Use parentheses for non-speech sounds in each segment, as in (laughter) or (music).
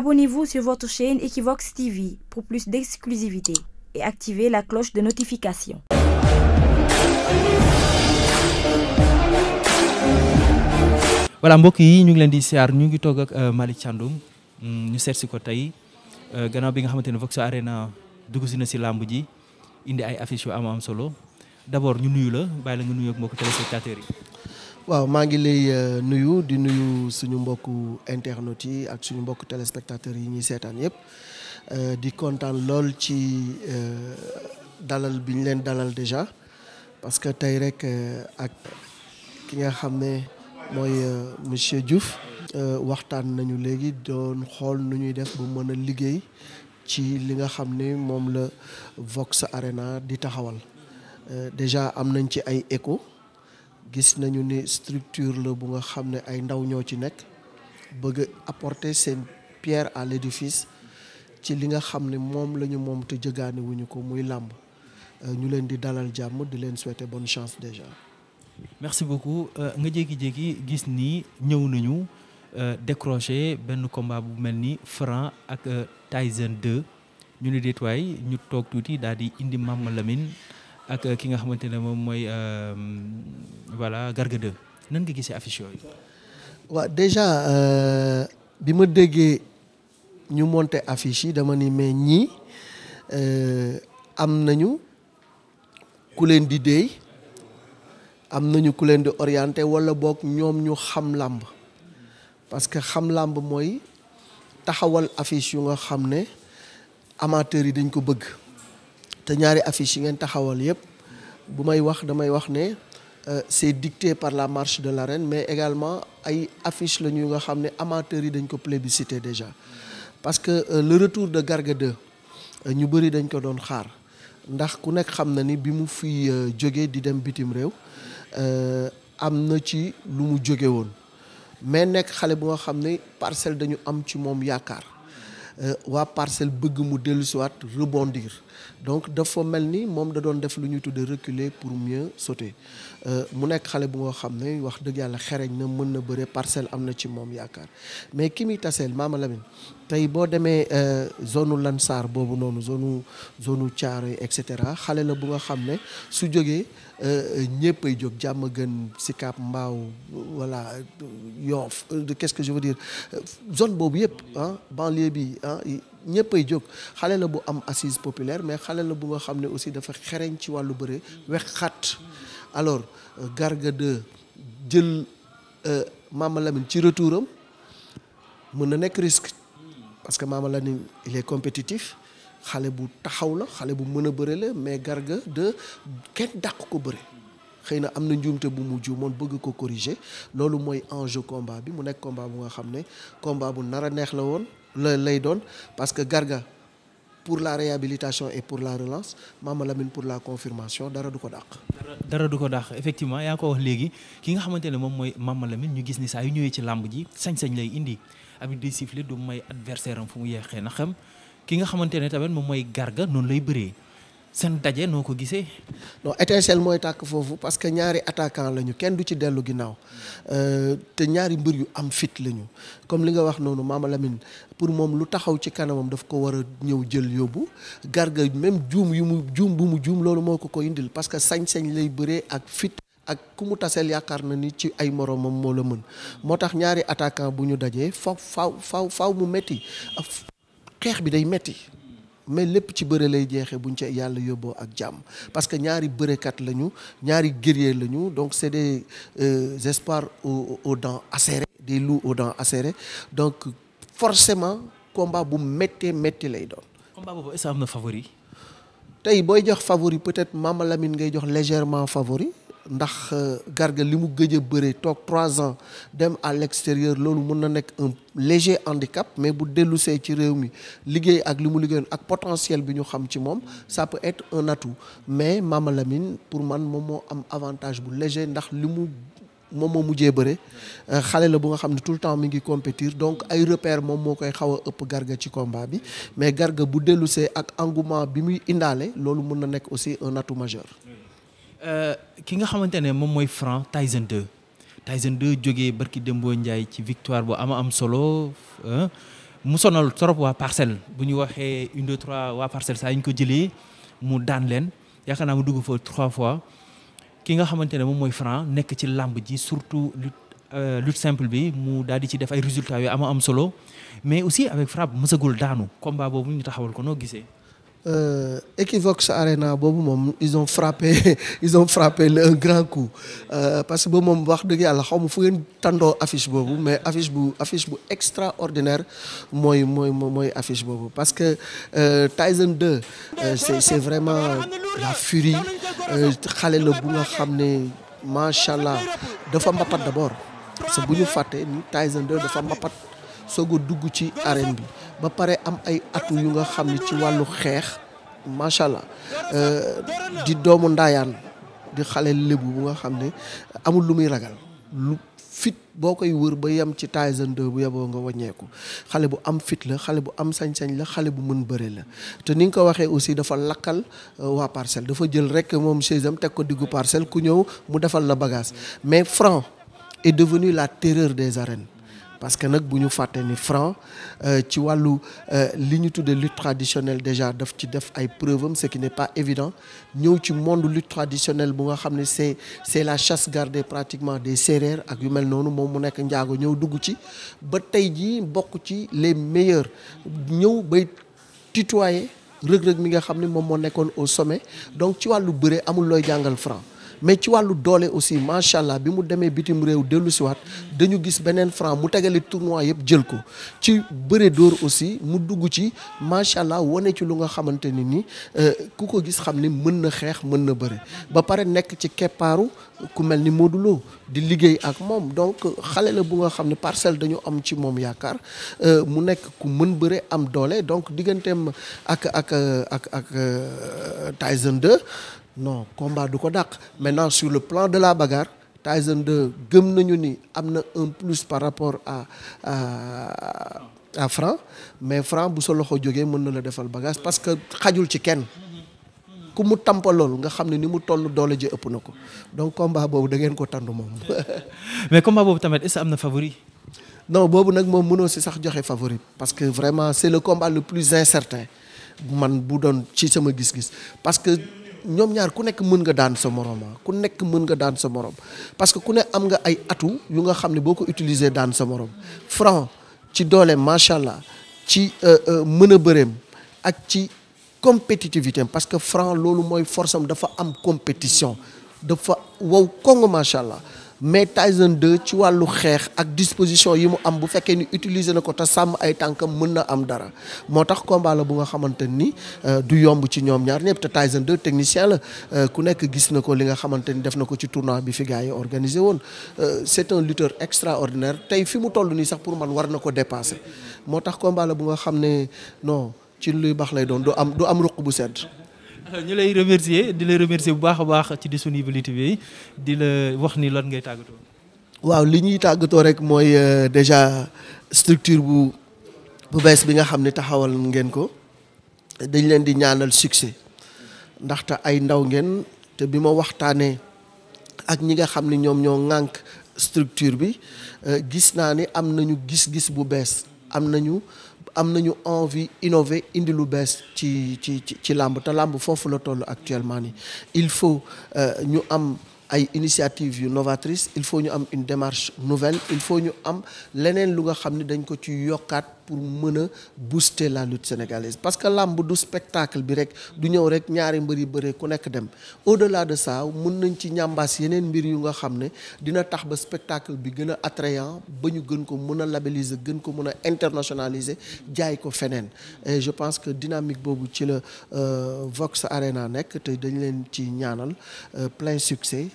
Abonnez-vous sur votre chaîne Equivox TV pour plus d'exclusivité la cloche de notification. voilà mbokk yi ñu ngi leen di siyaar ñu ngi toog ak euh, Malick Thiandoum mm, ñu seet si ko tey euh, gannaaw bi nga xamante ne Vox Arena dugg si na si làmb ji indi ay affiches yu am am solo d'abord ñu nuyu la bàyyi la nga nuyu ak mbokk téléspectateurs yi. waaw maa ngi lay euh, nuyu di nuyu suñu mbokku internautes yi ak suñu mbokku téléspectateurs yi ñuy seetaan yëpp euh, di kontaan lool ci euh, dalal bi ñu leen dalal déjà parce que tey rek ak ki nga xam ne mooy monsieur Diouf waxtaan nañu léegi doon xool nu ñuy def ba mën a liggéey ci li nga xam ne moom la Vox Arena di taxawal déjà am nañ ci ay écho gis nañu ne structure la bu nga xam ne ay ndaw ñoo ci nekk bëgg apporter seen pierre à l'édifice ci li nga xam ne moom la ñu moom te jëgaane wuñu ko muy làmb euh, ñu leen di dalal jàmm di leen souhaiter bonne chance déjà. merci beaucoup euh, nga jékki-jékki gis ni ñëw nañu euh, décroché benn combat bu mel ni Franc ak Tyson deux ñu ni détoy ñu toog tuuti daal di indi Mama Lamine. ak euh, ki nga xamante ne moom mooy euh, voilà Garga 2 nan nga gisee affiche yooyu. waaw déjà euh, bi ma déggee ñu monter affiche yi dama ni mais ñii am nañu ku leen di déey am nañu ku leen di orienté walla boog ñoom ñu xam làmb parce que xam làmb mooy taxawal affiche yu nga xam ne amateurs yi dañ ko bëgg. te ñaari affiche yi ngeen taxawal yëpp bu may wax damay wax ne euh, c'est dicté par la marche de l'arène mais également ay affiche la ñu nga xam ne amateurs yi dañ ko plébiscité déjà parce que euh, le retour de Garga 2 euh, ñu bëri dañ ko doon xaar ndax ku nekk xam na ni bi mu fi jóge di dem bitim réew am na ci lu mu jóge woon mais nekk xale bu nga xam ne parcelle dañu am ci moom yaakaar waa parcelle bëgg mu dellusiwaat rebondir donc dafa mel ni moom da doon def lu ñuy tudde reculer pour mieux sauter euh, mu nekk xale bu nga xam ne wax dëgg yàlla xereñ na mën na bëre parcelle am na ci moom yaakaar mais ki muy taseel Mama Lamine tey boo demee euh, zone u Lansar boobu noonu zone zone u Thiaroye et cetera xale na bu nga xam ne su jógee euh, ñëpp ay jóg jàmm gën Sicap Mbao voilà Yoff qu'est-ce que je veux dire zone boobu yëpp ah bi ñëpp ay jóg xale la bu am assise populaire mais xale la bu nga xam ne aussi dafa xereñ ci wàllu bëre wex xat alors euh, Garga 2 jël euh, Mama Lamine ci retouram mën na nekk risque parce que Mama Lamine il est compétitif xale bu taxaw la xale bu mën a bëre la mais Garga 2 kenn dàq ko bëre xëy na am na njuumte bu mu juumoon bëgg ko corriger loolu mooy enjeu combat bi mu nekk komba bu nga xam ne combat bu nar a neex la woon la lay doon parce que Garga pour la réhabilitation et pour la relance Mama Lamine pour la confirmation dara du ko dàq. dara du ko dàq effectivement yaa ko wax léegi ki nga xamante ne moom mooy Mama ñu gis ni saa yu ñëwee ci làmb ji sañ-sañ lay indi amit day du may adversaire fu mu yeexee na xam ki nga xamante ne tamit moom mooy Garga noonu lay bëree. seen daje noo ko gisee. non étincelle mooy tàkk foofu parce que ñaari attaquant lañu kenn du ci dellu ginnaaw euh, te ñaari mbër yu am fit lañu comme li nga wax noonu Mama Lamine pour moom lu taxaw ci kanamam daf ko war a ñëw jël yóbbu garga même juum yu mu juum bu mu juum loolu moo ko ko indil parce que sañ-sañ lay bëree ak fit. ak ku mu taseel yaakaar na nit ci ay moroomam moo la mën moo tax ñaari attaquant bu ñu dajee faw faw faw faw mu metti xeex bi day metti mais lépp ci bëre lay jeexee buñ ca yàlla yóbboo ak jàmm parce que ñaari bërekat lañu ñaari guerrier lañu donc c'est des euh, espoirs aux dents acérées de lu aux dents acérées donc forcément combat bu méttee métti lay doon. combat boobu est am na favori. tey booy jox favori peut-être Mama Lamine ngay jox légèrement favori. ndax euh, Garga li mu gëj a bëre toog trois ans dem à l'extérieur loolu mun na nekk un léger handicap mais bu dellusee ci réew mi liggéey ak li mu liggéeyoon ak potentiel bi ñu xam ci moom ça peut être un atout mais Mama Lamine pour man moom moo am avantage bu léger ndax li mu moom moo mujjee bëre euh, xale la bu nga xam ne tout le temps mi ngi compétir donc ay repères moom moo koy xaw a ëpp garga ci combat bi mais garga bu dellusee ak engouement bi muy indaale loolu mën na nekk aussi un atout majeur. Euh, ki nga xamante ne moom mooy Franc Tyson 2 Tyson 2 jógee barki Dembo Ndiaye ci victoire bu am am solo mu sonal trop waa parcelle bu ñu waxee une deux trois waa parcelle saa yu ñu ko jëlee mu daan leen yaakaar naa mu dugg fa trois fois ki nga xamante ne moom mooy Franc nekk ci làmb ji surtout lutte euh, lutte simple bi mu daal di ci def ay résultats yu ama am solo mais aussi avec Franc mësagul daanu combat boobu ñu taxawal ko noo gisee. Euh, Equivox Arena boobu moom ils ont frappé (laughs) ils ont frappé un grand coup euh, parce que boobu moom wax dëgg yàlla xaw ma fu ngeen tàndoo affiche boobu mais affiche bu affiche bu extraordinaire mooy mooy mooy affiche boobu parce que euh, Tyson 2 c'est c'est vraiment la furie xale la bu nga xam ne macha allah dafa mbapat d'abord parce bu ñu fàtte ni Tyson 2 dafa mbapat soog a dugg ci arène bi. ba pare am ay atu yu nga xam ne ci wàllu xeex macha allah euh, di doomu ndaayaan di xale lébu bu nga xam ne amul lu muy ragal lu fit boo koy wër ba yem ci Tyson 2 bu yeboo nga wàññeeku xale bu am fit la xale bu am sañsañ sañ la xale bu mën bëre la te ni nga ko waxee aussi dafa lakkal euh, waa parcelle dafa jël rek moom chaisam teg ko diggu parcelle ku ñëw mu defal la bagage mais Franc est devenu la terreur des arènes parce que nag bu ñu fàtte ni franc euh, ci wàllu euh, li ñu tuddee lutte traditionnelle déjà daf ci def ay preuve am ce qui n'est pas évident ñëw ci monde lutte traditionnelle bu nga xam ne c'est c'est la chasse gardée pratiquement des séeréer ak yu mel noonu moom mu nekk njaago ñëw dugg ci ba tey jii bokk ci les meilleurs ñëw bay tutoyer rëg-rëg mi nga xam ne moom moo nekkoon au sommet donc ci wàllu bëre amul looy jàngal franc mais ci wàllu doole aussi macha allah bi mu demee bitim réew dellu siwaat dañu gis beneen franc mu tegale tournoi yëpp jël ko ci bëre door aussi mu dugg ci macha allah wane ci lu nga xamante ni ni euh, ku ko gis xam ni mën na xeex mën na bëre ba pare nekk ci keppaaru ku mel ni Modou di liggéey ak moom donc xale la bu nga xam ni parcelle dañu am ci moom yaakaar euh, mu nekk ku mën bëre am doole donc digganteem ak ak ak ak euh, Tyson deux non combat du ko dàq maintenant sur le plan de la bagarre Tyson 2 gëm nañu ni am na un plus par rapport à à à mais Franc bu sa loxo jógee mën na la defal bagage parce que xajul ci kenn ku mu tàmpa nga xam ne ni mu toll doole ji ëpp na ko donc combat boobu da ngeen ko tàndu moom. (laughs) mais combat boobu tamit est-ce am na favori. non boobu nag moom mënoo si sax joxe favori parce que vraiment c'est le combat le plus incertain man bu doon ci sama gis-gis ñoom ñaar ku nekk mën nga daan sa morom ah, ku nekk mën nga daan sa morom parce que ku ne am nga ay atu yu nga xam ne boo ko utiliser daan sa morom Franc ci doole macha allah ci euh, euh, mën a bëreem ak ci compétitivité parce que Franc loolu mooy force dafa am compétition dafa wow koŋ macha allah. mais Tyson 2 ci wàllu xeex ak disposition yi mu am bu fekkee ni utiliser na ko te sàmm ay tànkam mën na am dara moo tax combat bu nga xamante ni euh, du yomb ci ñoom ñaar ñëpp te Tyson 2 technicien la euh, ku nekk gis na ko li nga xamante ni def na ko ci tournoi bi fi gars yi organisé woon euh, c'est un lutteur extraordinaire tey fi mu toll nii sax pour man war na ko dépasser moo tax combat bu nga xam ne non ci luy baax lay doon du am du am bu sedd Euh, ñu lay remercier di lay remercier bu baax a baax ci di disponibilité bi di la wax ni lan ngay tàggatoo. waaw li ñuy tàggatoo rek mooy euh, déjà structure bu bu bees bi nga xam ne taxawal ngeen ko dañ leen di ñaanal succès ndaxte ay ndaw ngeen te bi ma waxtaanee ak ñi nga xam ni ñoom ñoo ŋànk structure bi euh, gis naa ni am nañu gis-gis bu bees am nañu. am nañu envie innover indi lu bees ci ci ci làmb te làmb foofu la toll actuellement nii il faut euh, ñu am ay initiative yu novatrice il faut ñu am une démarche nouvelle il faut ñu am leneen lu nga xam ne dañ ko ci yokkaat pour mën a booster la lutte sénégalaise parce que làmb du spectacle bi rek du ñëw rek ñaari mbër yi bëree ku nekk dem au-delà de ça mën nañ ci ñambaas yeneen mbir yu nga xam ne dina tax ba spectacle bi gën a attrayant ba ñu gën ko mun a labelliser gën ko mun a internationaliser jaay ko feneen et je pense que dynamique boobu ci la euh, Vox Arena nekk te dañ leen ci ñaanal euh, plein succès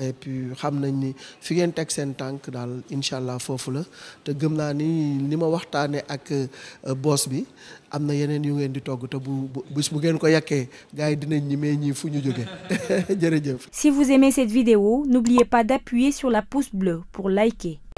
et puis xam nañ ni fi ngeen teg seen tànk daal incha allah foofu la te gëm naa ni li ma waxtaanee ak euh, boss bi am na yeneen yu ngeen di togg te bu bés bu ngeen ko yàkkee gars yi dinañ ñi mais ñi fu ñu jógee (laughs) jërëjëf. Si vous aimez cette vidéo n'oubliez pas d'appuyer sur la pouce bleue pour liker.